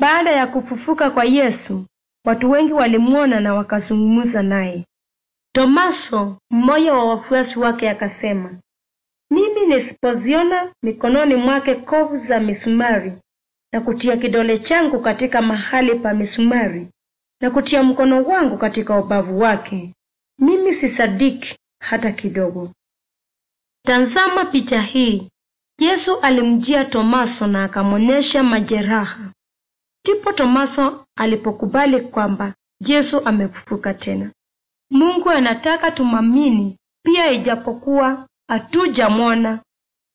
Baada ya kufufuka kwa Yesu, watu wengi walimwona na wakazungumza naye. Tomaso, mmoja wa wafuasi wake, akasema, mimi nisipoziona mikononi mwake kovu za misumari na kutia kidole changu katika mahali pa misumari na kutia mkono wangu katika ubavu wake, mimi sisadiki hata kidogo. Tazama picha hii. Yesu alimjia Tomaso na akamwonyesha majeraha Ndipo Tomaso alipokubali kwamba Yesu amefufuka tena. Mungu anataka tumamini pia ijapokuwa hatujamwona.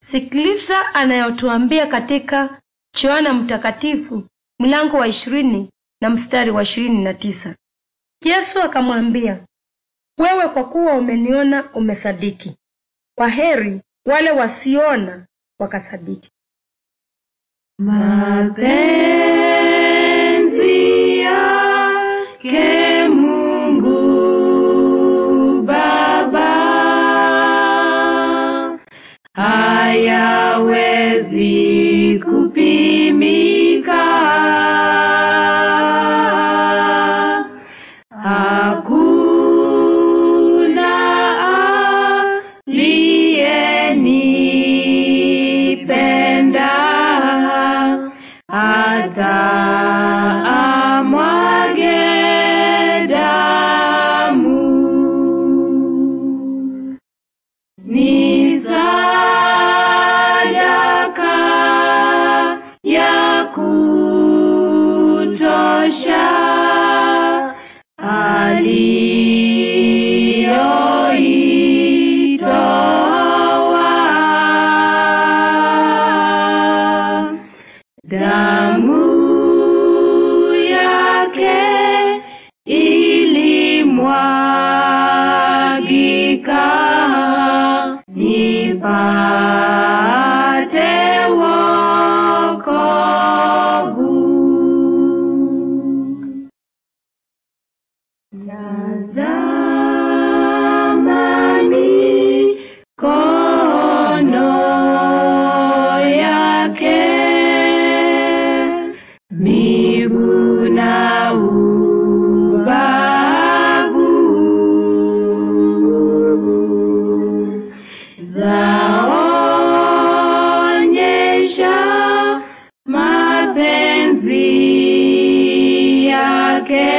Sikiliza anayotuambia katika Yohana Mtakatifu mlango wa ishirini na mstari wa ishirini na tisa. Yesu akamwambia, wewe kwa kuwa umeniona umesadiki. kwa heri wale wasiona wakasadiki. Mabe. hayawezi kupimika. Hakuna aliyenipenda hata damu yake ilimwagika nipate wokovu. Tazama zaonyesha mapenzi yake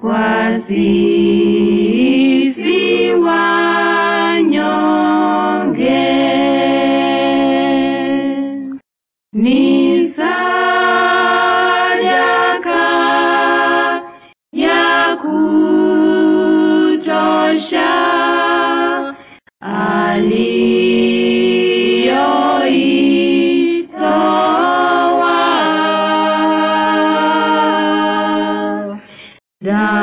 kwa sisi wanyonge ni